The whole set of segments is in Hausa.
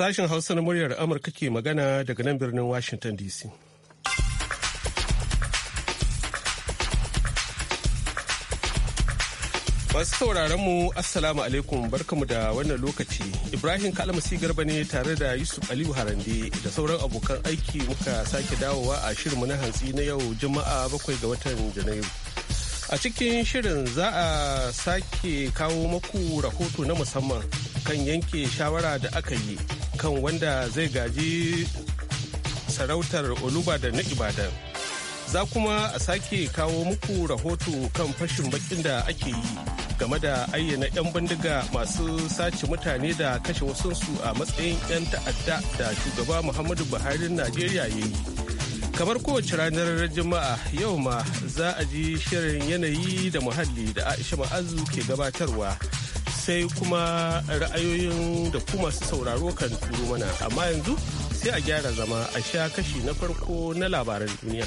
Sashen Hausa na muryar Amurka ke magana daga nan birnin Washington DC. Masu sauraron mu Assalamu alaikum barkamu da wannan lokaci. Ibrahim Kalmasi Garba ne tare da Yusuf Aliyu Harande da sauran abokan aiki muka sake dawowa a shirinmu na hantsi na yau Juma'a bakwai ga watan Janairu. A cikin shirin za a sake kawo maku rahoto na musamman kan yanke shawara da aka yi kan wanda zai gaji sarautar Oluba da na Ibadan. Za kuma a sake kawo muku rahoto kan fashin bakin da ake yi game da ayyana 'yan bindiga masu sace mutane da kashe wasunsu a matsayin 'yan ta'adda da shugaba Muhammadu Buhari Najeriya ya yi. Kamar kowace ranar Juma'a yau ma za a ji shirin yanayi da muhalli da Aisha Ma'azu ke gabatarwa. sai kuma ra'ayoyin da kuma masu sauraro kan turo mana amma yanzu sai a gyara zama a sha kashi na farko na labaran duniya.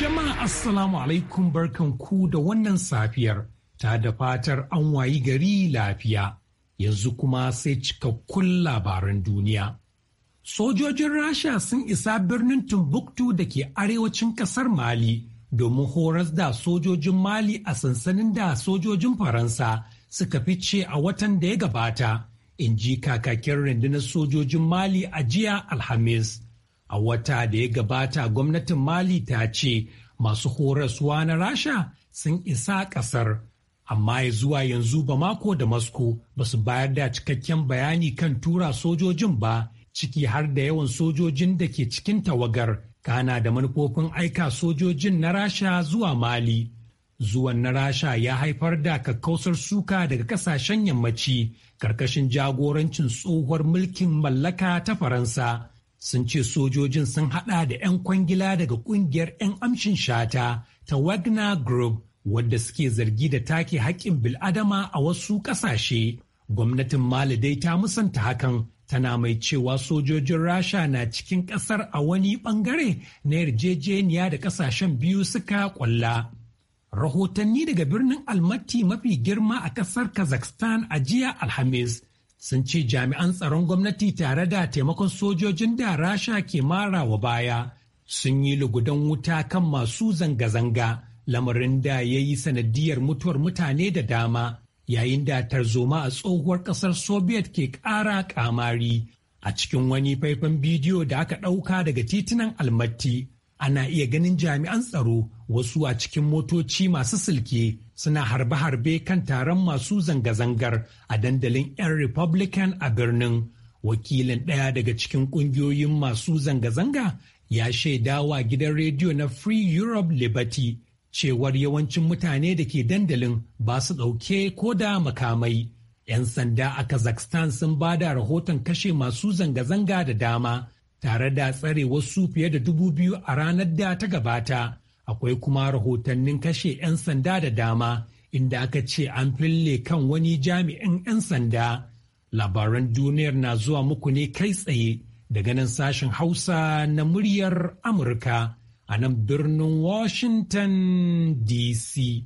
Jama'a Assalamu alaikum barkan ku da wannan safiyar ta da fatar an wayi gari lafiya yanzu kuma sai cikakkun labaran duniya. Sojojin Rasha sun isa birnin Timbuktu da ke arewacin kasar Mali domin horas da sojojin Mali a sansanin da sojojin Faransa suka fice a watan da ya gabata, in ji kakakin rundunar sojojin Mali a jiya Alhamis. A wata da ya gabata gwamnatin Mali ta ce masu horaswa na Rasha sun isa ƙasar, amma ya zuwa yanzu ba mako da Masko ba su bayar da cikakken bayani kan tura sojojin ba, ciki har da yawan sojojin da ke cikin tawagar. kana da manufofin aika sojojin na rasha zuwa mali zuwan na rasha ya haifar da kakkausar suka daga kasashen yammaci karkashin jagorancin tsohuwar mulkin mallaka ta faransa sun ce sojojin sun hada da 'yan kwangila daga kungiyar 'yan amshin shata ta wagner group wadda suke zargi da take haƙƙin bil'adama a wasu ƙasashe gwamnatin mali dai ta musanta hakan tana mai cewa sojojin rasha na cikin kasar a wani bangare na yarjejeniya da kasashen biyu suka kwalla. rahotanni daga birnin Almati mafi girma a kasar kazakhstan a jiya alhamis sun ce jami'an tsaron gwamnati tare da taimakon sojojin da rasha ke mara wa baya sun yi lugudan wuta kan masu zanga-zanga lamarin da ya yi sanadiyar mutuwar mutane da dama yayin da tarzoma a tsohuwar ƙasar Soviet ke ƙara ƙamari a cikin wani faifan bidiyo da aka ɗauka daga titunan almatti ana iya ganin jami'an tsaro wasu a cikin motoci masu silke suna harbe-harbe kan taron masu zanga-zangar a dandalin 'yan Republican a birnin. Wakilin ɗaya daga cikin ƙungiyoyin masu zanga-zanga ya shaidawa gidan rediyo na Free Europe Liberty cewar yawancin mutane da ke dandalin ba su ɗauke ko da makamai. 'Yan sanda a Kazakhstan sun ba da rahoton kashe masu zanga-zanga da dama tare da tsare wasu fiye da dubu biyu a ranar da ta gabata. Akwai kuma rahotannin kashe 'yan sanda da dama inda aka ce an fille kan wani jami'in 'yan sanda. Labaran duniyar na zuwa muku ne kai tsaye daga nan sashen Hausa na muryar Amurka. a nan birnin Washington DC.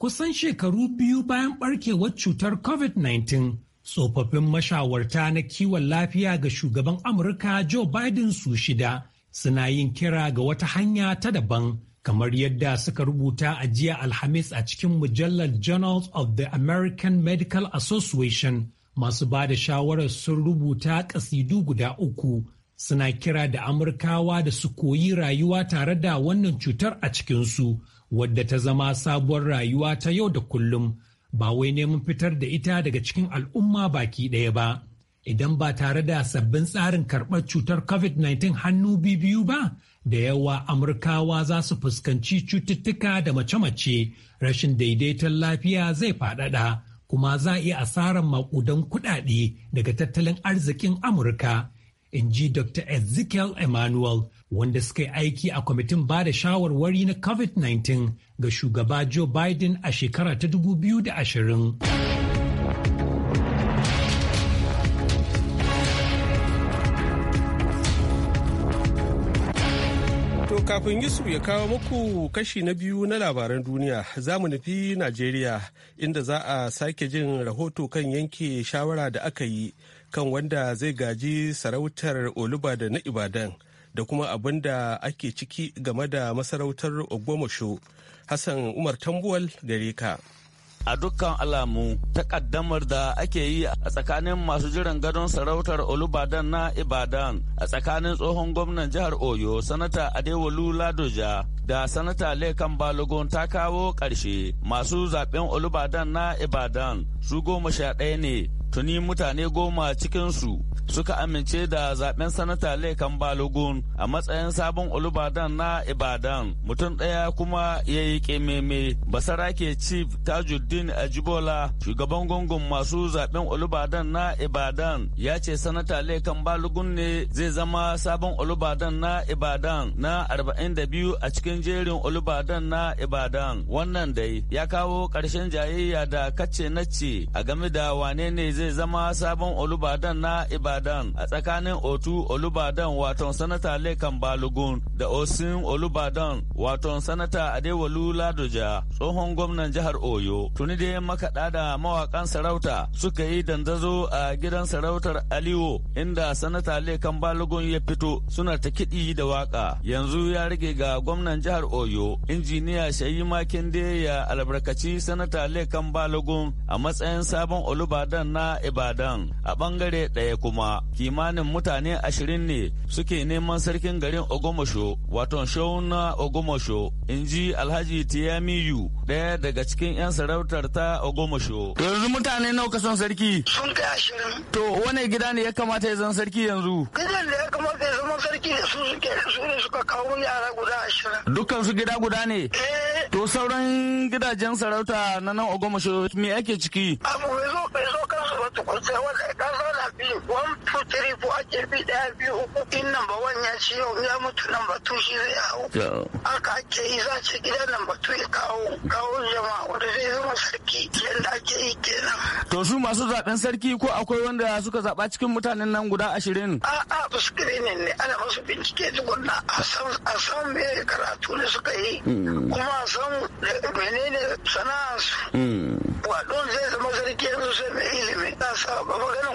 Kusan shekaru biyu bayan ɓarkewar cutar COVID-19, tsofaffin mashawarta na kiwon lafiya ga shugaban Amurka Joe Biden su shida suna yin kira ga wata hanya ta daban. kamar yadda suka rubuta a jiya alhamis a cikin mujallar journals of the american medical association masu ba da shawarar sun rubuta ƙasidu guda uku suna kira da Amurkawa da su koyi rayuwa tare da wannan cutar a cikinsu wadda ta zama sabuwar rayuwa ta yau da kullum ba wai neman fitar da ita daga cikin al'umma baki ɗaya ba. Idan ba tare da sabbin tsarin karɓar cutar COVID-19 hannu biyu ba, da yawa Amurkawa za su fuskanci cututtuka da mace-mace, rashin daidaiton lafiya zai faɗaɗa, kuma za a iya asarar maƙudan kuɗaɗe daga tattalin arzikin Amurka. in ji Dr. Ezekiel Emmanuel wanda suka yi aiki a kwamitin ba da shawarwari na COVID-19 ga shugaba Joe Biden a shekara ta 2020. kafin Yusuf ya kawo muku kashi na biyu na labaran duniya za mu nufi Najeriya inda za a sake jin rahoto kan yanke shawara da aka yi kan wanda zai gaji sarautar olubada na ibadan da kuma abin da ake ciki game da masarautar ogbomasho hassan umar tambuwal gare ka a dukkan alamu takaddamar da ake yi a tsakanin masu jiran gadon sarautar olubadan na ibadan a tsakanin tsohon gwamnan jihar oyo sanata adewolu ladoja da sanata lekan balogun ta kawo ƙarshe masu zaben olubadan na ibadan su goma sha ɗaya ne tuni mutane goma cikinsu suka amince da zaben sanata laikan Balogun a matsayin sabon Olubadan na Ibadan. Mutum ɗaya kuma ya yi ƙememe. Basarake Chief Tajuddin Ajibola, shugaban gungun masu zaben Olubadan na Ibadan, ya ce sanata laikan Balogun ne zai zama sabon Olubadan na Ibadan na 42 a cikin jerin Olubadan na Ibadan. Wannan dai ya kawo ƙarshen jayayya da kace nace a game da wane ne zai zai zama sabon Olubadan na Ibadan a tsakanin Otu Olubadan wato sanata Lekan Balogun da Osin Olubadan wato sanata adewalu Ladoja tsohon gwamnan jihar Oyo. Tuni dai makaɗa da mawakan sarauta suka yi dandazo a gidan sarautar Aliwo inda sanata Lekan Balogun ya fito suna ta kiɗi da waka. Yanzu ya rage ga gwamnan jihar Oyo injiniya Shayi da ya albarkaci sanata Lekan Balogun a matsayin sabon Olubadan na Ibadan a bangare ɗaya kuma kimanin mutane ashirin ne suke neman sarkin garin Ogomosho wato shauna Ogomosho in ji Alhaji Tiyamiyu ɗaya daga cikin 'yan sarautar ta Ogomosho. Yanzu mutane nawa ka son sarki? Sun kai ashirin. To wane gida ne ya kamata ya zan sarki yanzu? Gidan da ya kamata ya zama sarki da su suke su ne suka kawo yara guda ashirin. Dukkan su gida guda ne? Eh. To sauran gidajen sarauta na nan Ogomosho me ake ciki? Abu bai zo bai zo kansu wasu kunce wanda ka zo biyu one two three four ake bi daya biyu uku in namba one ya ci yau ya mutu namba two shi zai hau haka ake yi za ce gidan namba two ya kawo kawo jama'a wanda zai zama sarki yadda ake yi kenan. to su masu zaben sarki ko akwai wanda suka zaba cikin mutanen nan guda ashirin. a'a ba su ne ana masu bincike tukunna a san me karatu ne suka yi hmm. kuma a san menene su. wadon zai zama ilimi sa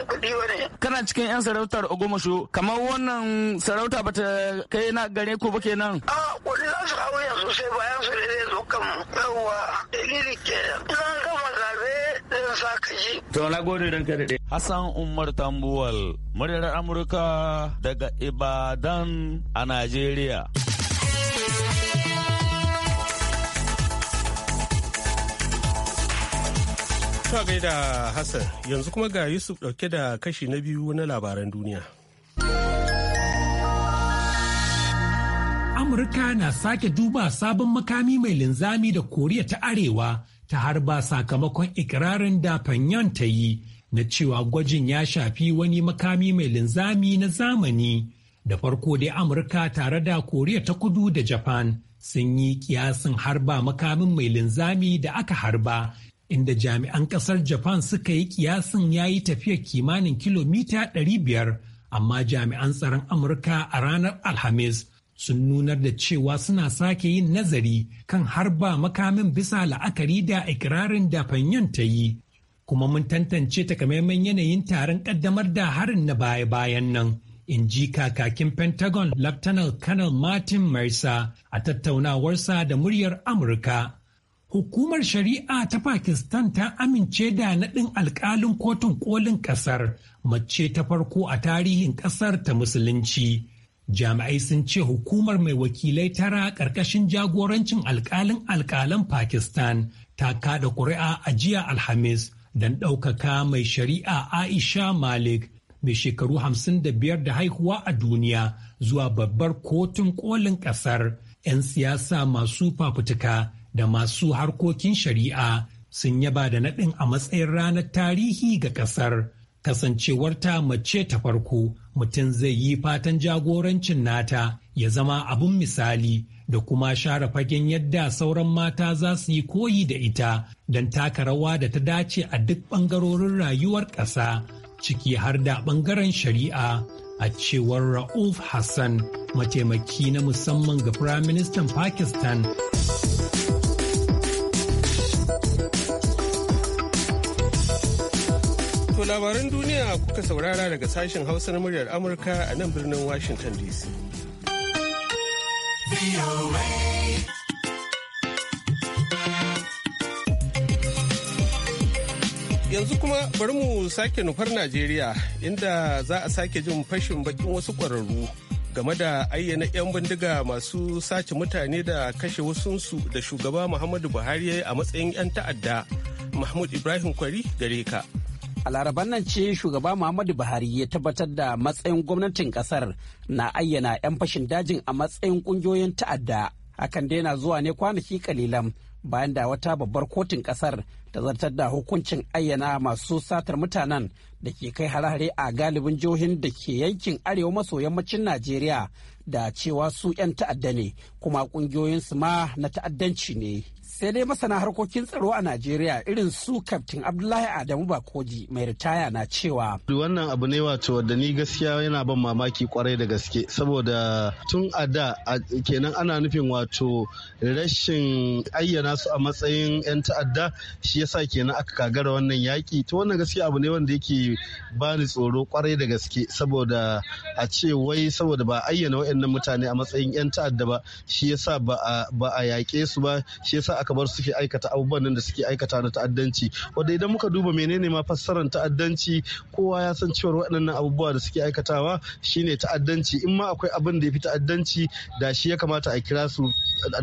kuɗi kana cikin yan sarautar ogomosho kamar wannan sarauta bata kai na gare ku ba kenan. a kuɗi za su hau yanzu sai bayan su ne zo kan yawwa dalili ke zan gama zabe zan sa ka ji. to na gode don kada daɗe. hassan umar tambuwal muryar amurka daga ibadan a najeriya. Ta gaida Hassan yanzu kuma ga Yusuf ɗauke da kashi na biyu na labaran duniya. Amurka na sake duba sabon makami mai linzami da Koriya ta Arewa ta harba sakamakon ikirarin da Pyongyang ta yi na cewa gwajin ya shafi wani makami mai linzami na zamani. Da farko dai Amurka tare da Koriya ta Kudu da Japan sun yi kiyasin harba makamin mai linzami da aka harba inda jami'an kasar Japan suka yi kiyasin ya yi tafiyar kimanin kilomita 500 amma jami'an tsaron Amurka a ranar Alhamis sun nunar da cewa suna sake yin nazari kan harba makamin bisa la'akari da ikirarin da Pyongyang ta yi. Kuma mun tantance takamaiman yanayin taron kaddamar da harin na baya-bayan nan. in ji kakakin Pentagon Lieutenant Colonel Martin Mercer a tattaunawarsa da muryar Amurka hukumar shari'a ta Pakistan ta amince da naɗin alƙalin kotun kolin ƙasar mace ta farko a tarihin ƙasar ta musulunci. Jami'ai sun ce hukumar mai wakilai tara ƙarƙashin jagorancin alƙalin alƙalan Pakistan ta kada ƙuri'a a jiya Alhamis don ɗaukaka mai shari'a Aisha Malik mai shekaru 55 da haihuwa a duniya zuwa babbar kotun kolin ƙasar. 'Yan siyasa masu fafutuka da masu harkokin shari'a sun yaba da naɗin a matsayin ranar tarihi ga ƙasar ta mace ta farko mutum zai yi fatan jagorancin nata ya zama abin misali da kuma share fagen yadda sauran mata za su yi koyi da ita don taka rawa da ta dace a duk ɓangarorin rayuwar ƙasa ciki har da ɓangaren shari'a a cewar Ra'uf Hassan mataimaki na musamman ga Firaministan Pakistan. To labaran duniya kuka saurara daga sashen Hausa na muryar Amurka a nan birnin Washington DC. Yanzu kuma bari mu sake nufar Najeriya inda za a sake jin fashin bakin wasu ƙwararru game da ayyana 'yan bindiga masu sace mutane da kashe wasunsu da shugaba Muhammadu Buhari a matsayin 'yan ta'adda. Mahmud Ibrahim Kwari gare ka. A laraban nan ce shugaba Muhammadu Buhari ya tabbatar da matsayin gwamnatin kasar na ayyana 'yan fashin dajin a matsayin kungiyoyin ta'adda. Hakan dai na zuwa ne kwanaki kalilan bayan da wata babbar kotun kasar ta zartar da hukuncin ayyana masu satar mutanen da ke kai harare a galibin jihohin da ke yankin arewa maso yammacin Najeriya da cewa su 'yan ta'adda ne kuma kungiyoyinsu ma na ta'addanci ne. sai dai masana harkokin tsaro a najeriya irin su kaftin abdullahi adamu bakoji mai ritaya na cewa wannan abu ne wato da ni gaskiya yana ban mamaki kwarai da gaske saboda tun a da kenan ana nufin wato rashin ayyana su a matsayin 'yan ta'adda shi yasa kenan aka kagara wannan yaki to wannan gaskiya abu ne wanda yake bani tsoro kwarai da gaske saboda a ce wai saboda ba ayyana waɗannan mutane a matsayin 'yan ta'adda ba shi yasa ba a yaƙe su ba shi yasa aka bar suke aikata abubuwan nan da suke aikata na ta'addanci wanda idan muka duba menene ma fassarar ta'addanci kowa ya san cewa waɗannan abubuwa da suke aikatawa shine ta'addanci in ma akwai abin da ya fi ta'addanci da shi ya kamata a kira su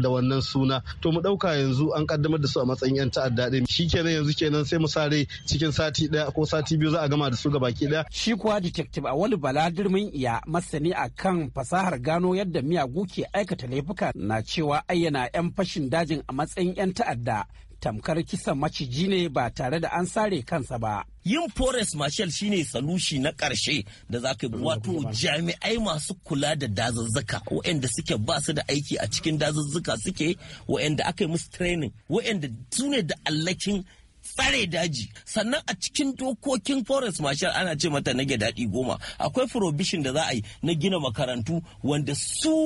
da wannan suna to mu ɗauka yanzu an kaddamar da su a matsayin 'yan ta'adda ɗin shi kenan yanzu kenan sai mu sare cikin sati ɗaya ko sati biyu za a gama da su gabaki ɗaya. shi kuwa detective a bala baladirmin iya masani a kan fasahar gano yadda miyagu ke aikata laifuka na cewa ayyana 'yan fashin dajin a matsayin 'yan ta'adda tamkar kisan maciji ne ba tare da an sare kansa ba. Yin forest marshal shine salushi na ƙarshe da za ka wato jami'ai masu kula da dazuzzuka wa'anda suke ba su da aiki a cikin dazuzzuka suke wa'anda aka yi musu training wa'anda su ne da allakin tsare daji sannan a cikin dokokin forest marshal ana ce mata nage daɗi goma akwai prohibition da za a yi na gina makarantu wanda su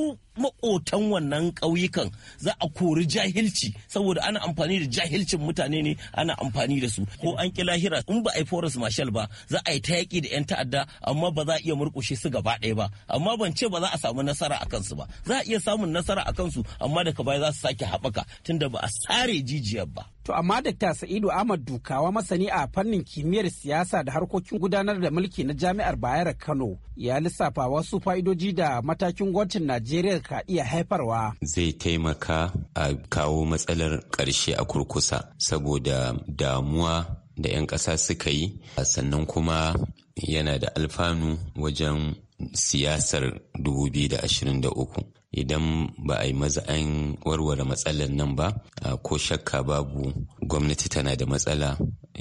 maƙotan wannan ƙauyukan za a kori jahilci saboda ana amfani da jahilcin mutane ne ana amfani da su ko an ƙi lahira in ba a yi forest marshal ba za a yi ta yaƙi da 'yan ta'adda amma ba za a iya murƙushe su gaba ɗaya ba amma ban ce ba za a samu nasara a kansu ba za a iya samun nasara a kansu amma daga baya za su sake haɓaka tunda ba a sare jijiyar ba To amma Dr. Sa'idu Ahmad Dukawa masani a fannin kimiyyar siyasa da harkokin gudanar da mulki na Jami'ar Bayero Kano ya lissafa wasu fa'idoji da matakin gwamnatin Najeriya ka iya haifarwa. Zai taimaka a kawo matsalar ƙarshe a kurkusa saboda damuwa da 'yan ƙasa suka yi sannan kuma yana da alfanu wajen siyasar 2023 idan ba a yi maza an warware matsalar nan ba ko shakka babu gwamnati tana da matsala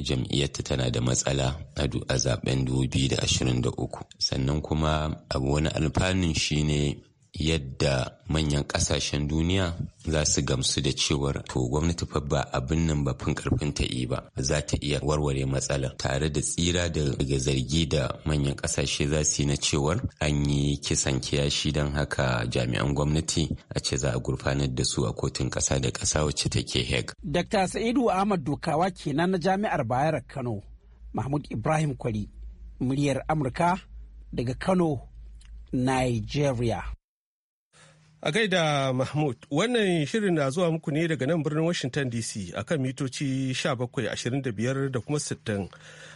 jam'iyyarta tana da matsala a zaben 2023 sannan kuma abu wani alfanun shine yadda manyan kasashen duniya za su gamsu da cewar to gwamnati fa ba abin nan ba fin karfin ta yi ba za ta iya warware matsalar tare da tsira daga zargi da manyan kasashe za su yi na cewar an yi kisan kiyashi don haka jami'an gwamnati a ce za a gurfanar da su a kotun kasa da kasa wacce take heg. Dr. Sa'idu Ahmad Dokawa kenan na jami'ar Bayar Kano. Mahmud Ibrahim Kwari, muryar Amurka daga Kano, Nigeria. A gaida Mahmud, wannan shirin na zuwa muku ne daga nan birnin Washington DC a kan mitoci 1725 da kuma 60.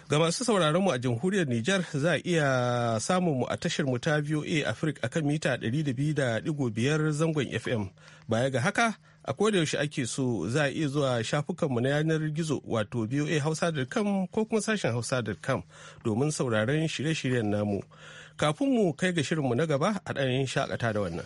Ga masu sauraron mu a jamhuriyar Nijar za a iya samun mu a tashar mu ta VOA Africa a kan mita 200.5 zangon FM. Baya ga haka, a yaushe ake so za a iya zuwa shafukanmu na yanar gizo wato Hausa.com ko kuma sashen hausa.com domin sauraron shirye-shiryen namu. Kafin mu kai ga shirinmu na gaba a ɗan shakata da wannan.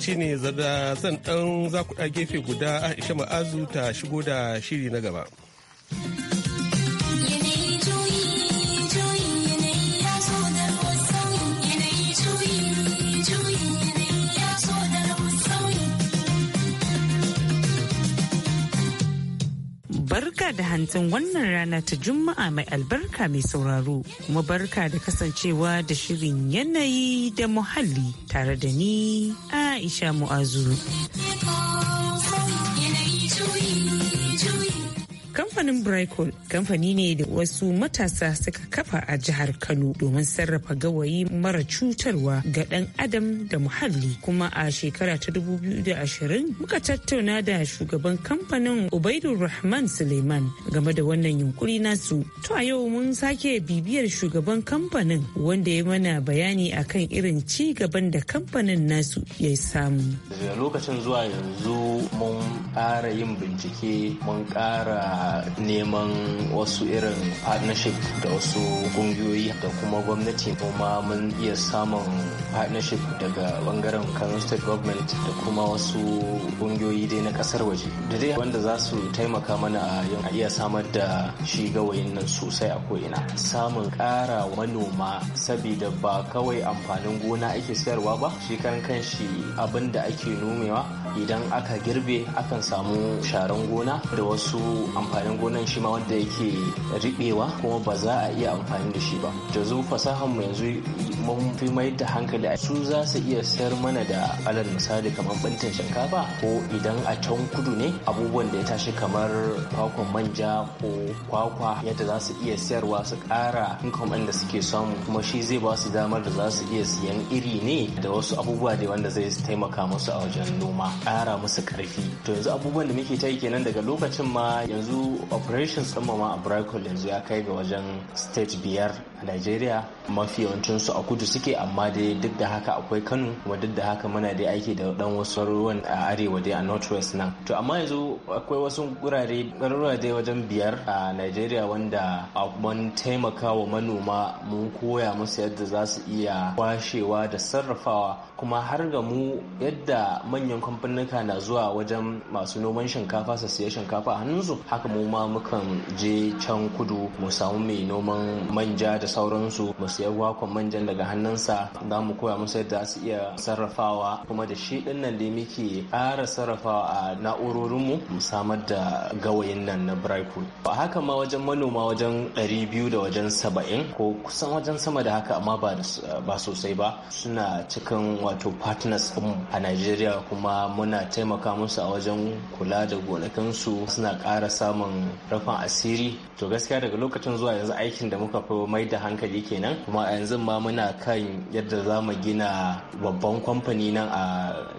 lokaci ne zan ɗan zakuɗa gefe guda Aisha Ma'azu ta shigo da shiri na gaba. hantsin wannan rana ta Juma'a mai albarka mai sauraro, kuma barka da kasancewa da shirin yanayi da muhalli tare da ni Aisha Mu'azu. Kamfanin Brycol kamfani ne da wasu matasa suka kafa a jihar Kano domin sarrafa gawayi mara cutarwa ga ɗan adam da muhalli kuma a shekara ta 2020 muka tattauna da shugaban kamfanin Ubaidu Rahman Suleiman game da wannan yunkuri nasu. To a yau mun sake bibiyar shugaban kamfanin wanda ya mana bayani akan irin ci gaban da kamfanin nasu ya samu. Daga lokacin zuwa yanzu mun ƙara yin bincike mun ƙara neman wasu irin partnership da wasu kungiyoyi da kuma gwamnati kuma mun iya samun partnership daga bangaren kano state government da kuma wasu kungiyoyi dai na kasar waje da dai wanda za su taimaka mana a yin iya samar da shi gawayin nan sosai a ko'ina samun kara manoma sabida ba kawai amfanin gona ake sayarwa ba shi kan shi abin da ake nomewa idan aka girbe akan samu sharan gona da wasu amfanin gonan shi ma wanda yake riɓewa kuma ba za a iya amfani da shi ba yanzu fasahar mu yanzu mun fi mai da hankali a su za su iya sayar mana da alal misali kamar bantin shinkafa ko idan a can kudu ne abubuwan da ya tashi kamar kwakwan manja ko kwakwa yadda za su iya sayarwa su kara income da suke samu kuma shi zai ba su damar da za su iya siyan iri ne da wasu abubuwa da wanda zai taimaka musu a wajen noma kara musu karfi to yanzu abubuwan da muke ta yi kenan daga lokacin ma yanzu operation sama ma a Brighton yanzu ya kai ga wajen state biyar a Najeriya mafi su a kudu suke amma dai duk da haka akwai Kano kuma duk da haka muna dai aiki da dan wasu ruwan a arewa dai a northwest nan. To amma yanzu akwai wasu gurare garuruwa dai wajen biyar a Najeriya wanda a kuma taimakawa manoma mun koya musu yadda za su iya kwashewa da sarrafawa kuma har ga mu yadda manyan kamfanuka na zuwa wajen masu noman shinkafa su siya shinkafa a hannunsu haka mu ma mukan je can kudu mu samu mai noman manja da sauransu mu siya gwakwan manjan daga hannunsa za mu koya musu yadda su iya sarrafawa kuma da shi din nan da muke ƙara sarrafawa a na'urorinmu mu samar da gawayin nan na brightwood a haka ma wajen manoma wajen ɗari biyu da wajen saba'in ko kusan wajen sama da haka amma ba sosai ba suna cikin wato partners a Najeriya kuma muna taimaka musu a wajen kula da gonakinsu suna ƙara samun rafin asiri to gaskiya daga lokacin zuwa yanzu aikin da muka fi mai da hankali kenan kuma a yanzu ma muna kan yadda za mu gina babban kamfani nan a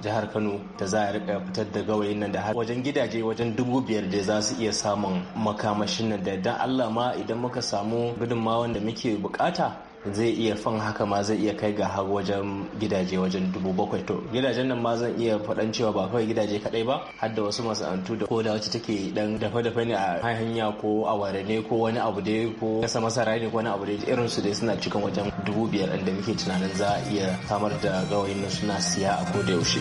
jihar kano da za a rika fitar da gawayin nan da har wajen gidaje wajen dubu biyar da za su iya samun makamashin nan da dan allah ma idan muka samu gudunmawan da muke bukata zai iya fan haka ma zai iya kai ga har wajen gidaje wajen dubu bakwai to gidajen nan ma zan iya faɗan cewa ba kawai gidaje kaɗai ba har da wasu antu da koda wacce take dan dafa dafa ne a hanya ko a ware ne ko wani abu dai ko kasa masara ne ko wani abu dai irin su dai suna cikin wajen dubu biyar da muke tunanin za a iya samar da gawayin suna siya a da yaushe.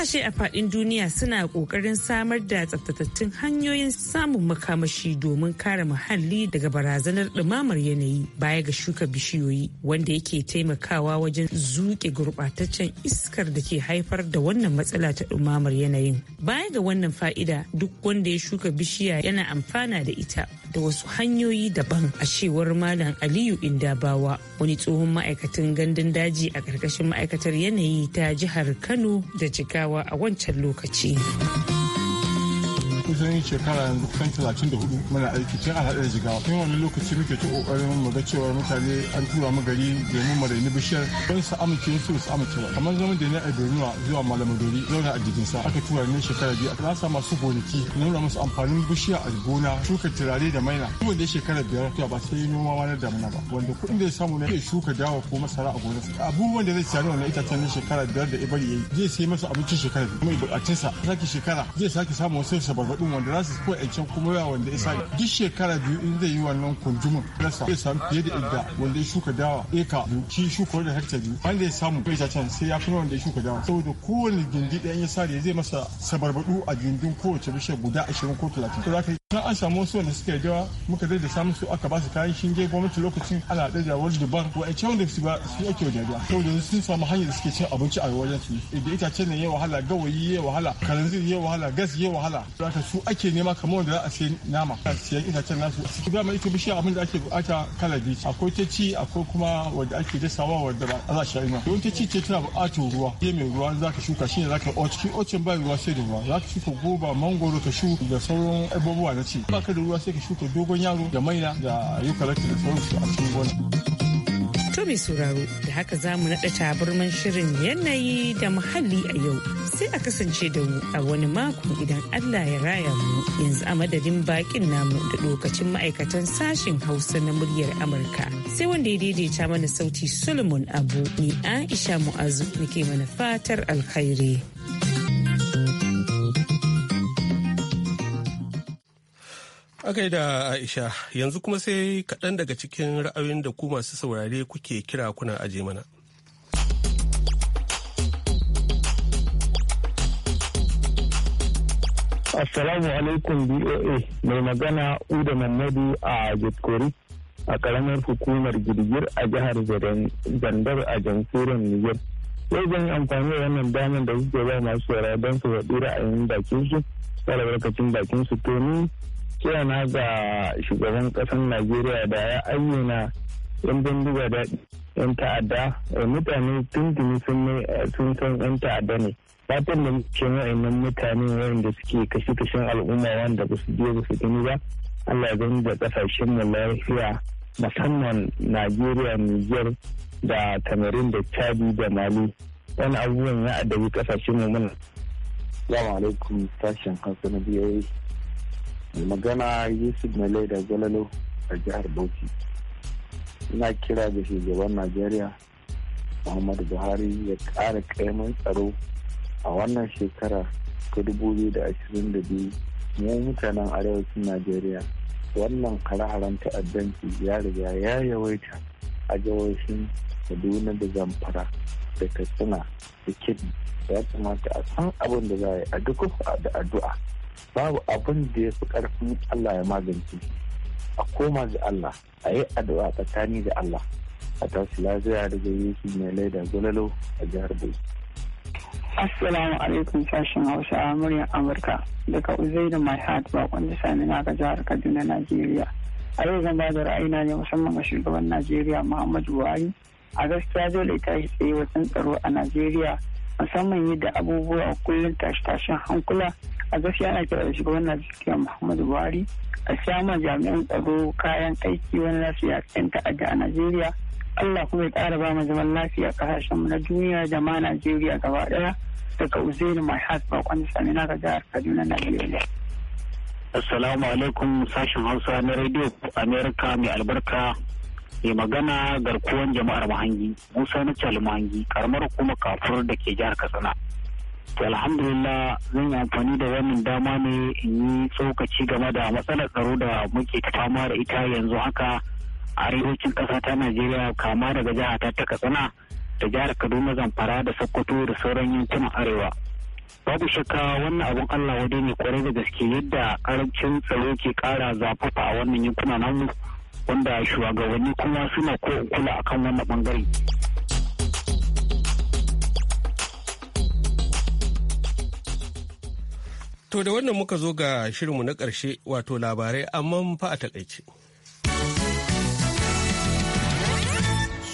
Kasashe a fadin duniya suna kokarin samar da tsaftatattun hanyoyin samun makamashi domin kare muhalli daga barazanar ɗumamar yanayi baya ga shuka bishiyoyi wanda yake taimakawa wajen zuke gurɓataccen iskar da ke haifar da wannan matsala ta dumamar yanayin. Baya ga wannan fa'ida duk wanda ya shuka bishiya yana amfana da ita da wasu hanyoyi daban a cewar Malam Aliyu Indabawa wani tsohon ma'aikatan gandun daji a ƙarƙashin ma'aikatar yanayi ta jihar Kano da Jigawa. rawa a wancan lokaci. kusan shekara yanzu kusan talatin da hudu muna aiki tun a haɗar jiga tun wani lokaci muke ta ƙoƙarin mu ga cewa mutane an tura mu gari domin mu raini bishiyar don su amince su su amince ba kamar zaman da ni a Borno zuwa dori zauna a sa aka tura ni shekara biyu aka sa masu gonaki nuna musu amfanin bishiya a gona shuka turare da maina kuma da shekara biyar to ba sai noma wani damuna ba wanda kuɗin da ya samu na iya shuka dawa ko masara a gonarsa abubuwan da zai siya na wannan itacen na shekara biyar da ibari yayi zai sai masa abincin shekara biyu mai bukatunsa sake shekara zai sake samu wasu sabarbaɗi zaɓin wanda za su fi wa'ancan kuma yawa wanda ya sa duk shekara biyu in zai yi wannan kunjumin rasa zai samu fiye da idda wanda ya shuka dawa eka biyu shi shuka wanda hekta biyu wanda ya samu bai can sai ya fi wanda ya shuka dawa saboda kowane gindi ɗaya ya sare zai masa sabarbadu a gindin kowace bishiyar guda ashirin ko talatin. To za ka yi na an samu wasu wanda suke dawa muka dai da samun su aka ba su kayan shinge gwamnati lokacin ana da da wani duban wa'ance wanda su ba su ake wa wadada saboda sun samu hanyar da suke cin abinci a wajen su idan itacen ne ya wahala gawayi ya wahala kalanzir ya wahala gas ya wahala za su ake nema kamar wanda za a sayi nama a siyan itacen nasu su mai ita bishiya abin da ake bukata kala biyu akwai ta ci akwai kuma wanda ake dasawa wanda ba a za sha don ta ci ce tana bukatar ruwa ke mai ruwa za ka shuka shine za ka o cikin ocin ba ruwa sai da ruwa za ka shuka goba mangoro ka shu da sauran abubuwa na ci ba ka da ruwa sai ka shuka dogon yaro da maina da eucalyptus da sauransu a cikin gona. To mai sauraro da haka za mu naɗa taburman shirin yanayi da muhalli a yau sai a kasance da mu a wani mako idan Allah ya raya mu yanzu a madadin bakin namu da lokacin ma'aikatan sashen Hausa na muryar Amurka. Sai wanda ya daidaita mana sauti Solomon Abu ni Aisha Mu'azu nake mana fatar alkhairi. Aka da Aisha yanzu kuma sai kaɗan daga cikin ra'ayoyin da ku masu saurare kuke kira kuna aje mana. Assalamu alaikum BOA mai magana Uda Mamadu a Jitkori a ƙaramar hukumar girgir a jihar Zandar a jamhuriyar Niger. Yau zan yi amfani da wannan damar da suke ba masu saurare don su faɗi ra'ayin bakinsu su, barkacin bakin su to ni kirana ga shugaban ƙasar najeriya da ya ayyana yan bindiga da yan ta'adda eh, mutane tuntuni eh, sun san yan ta'adda ne fatan da muke wa'annan mutane wanda suke kashe-kashen al'umma wanda ba su je ba su gani ba allah ya da kasashen mu lafiya musamman najeriya niger da tamarin da chadi da mali wani abubuwan ya adabi kasashen mu muna. Salamu alaikum sashen hausa na biyoyi mai magana yusuf mai da gwalalo a jihar bauchi ina kira da shugaban najeriya muhammadu buhari ya ƙara kaiman tsaro a wannan shekara ta 2022 mu mutanen arewacin najeriya wannan hare-haren ta'addanci ya riga ya yawaita a jihohin kaduna da zamfara da katsina da kebbi ya kamata a san abin da za a yi a duk da addu'a babu abin da ya fi ƙarfin Allah ya magance a koma ga Allah a yi addu'a tsakani da Allah a tashi lafiya daga yake mai laida gololo a jihar Bauchi. Assalamu alaikum sashen Hausa a muryar Amurka daga da My Heart ba da sani na ga jihar Kaduna Najeriya. A yau zan ba da ra'ayina ne musamman ga shugaban Najeriya Muhammadu Buhari a gaskiya dole ta yi tsaye wajen tsaro a Najeriya musamman yi da abubuwa a kullum tashi tashin hankula a gaskiya ana kira da shugaban najeriya muhammadu buhari a samun jami'an tsaro kayan aiki wani lafiya yan ta'adda a najeriya allah kuma ya ƙara ba mu zaman lafiya mu na duniya da ma najeriya gaba ɗaya daga uzeni my ba bakon sani na jihar kaduna najeriya assalamu alaikum sashen hausa na radio america mai albarka mai magana garkuwan jama'ar mahangi musa na cali muhangi karamar kuma kafur da ke jihar katsina To alhamdulillah zan yi amfani da wannan dama ne in yi tsokaci game da matsalar tsaro da muke fama da ita yanzu haka arewacin ƙasa ta Najeriya kama daga jihar ta ta Katsina da jihar Kaduna Zamfara da Sokoto da sauran yankunan arewa. Babu shakka wannan abun Allah wade ne kwarai da gaske yadda karancin tsaro ke kara zafafa a wannan yankuna namu wanda shugabanni kuma suna ko kula akan wannan bangare. To da wannan muka zo ga shirinmu na ƙarshe wato labarai amma fa a takaice.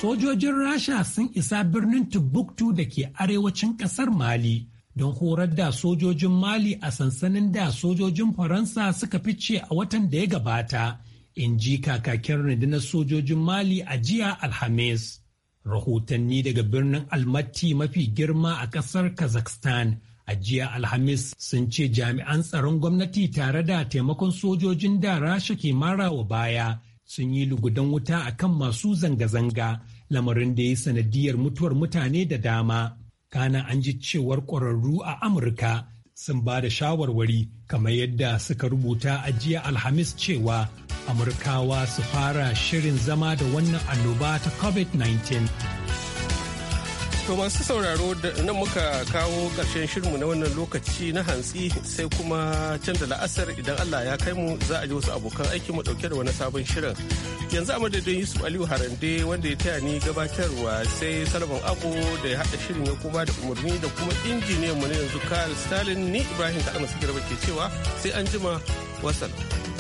Sojojin Rasha sun isa birnin tubuktu da ke arewacin ƙasar Mali don horar da sojojin Mali a sansanin da sojojin Faransa suka fice a watan da ya gabata, in ji kakakin rundunar sojojin Mali a jiya Alhamis. Rahotanni daga birnin Almati mafi girma a ƙasar Kazakhstan. A jiya Alhamis sun ce jami'an tsaron gwamnati tare da taimakon sojojin da Rasha ke wa baya sun yi lugudan wuta akan masu zanga-zanga lamarin da ya sanadiyar mutuwar mutane da dama. Kana an ji cewar ƙwararru a Amurka sun ba da shawarwari kamar yadda suka rubuta a jiya Alhamis cewa Amurkawa su fara shirin zama da wannan annoba ta COVID-19. To masu sauraro da nan muka kawo ƙarshen shirinmu na wannan lokaci na hantsi sai kuma canza la'asar idan Allah ya kai mu za a ji wasu abokan aiki mu ɗauke da wani sabon shirin. Yanzu a madadin Yusuf Aliyu Harande wanda ya taya ni gabatarwa sai Salman Abu da ya haɗa shirin ya kuma da umarni da kuma injiniyan mu na yanzu Karl Stalin ni Ibrahim Ka'ama Sikirba ke cewa sai an jima wasan.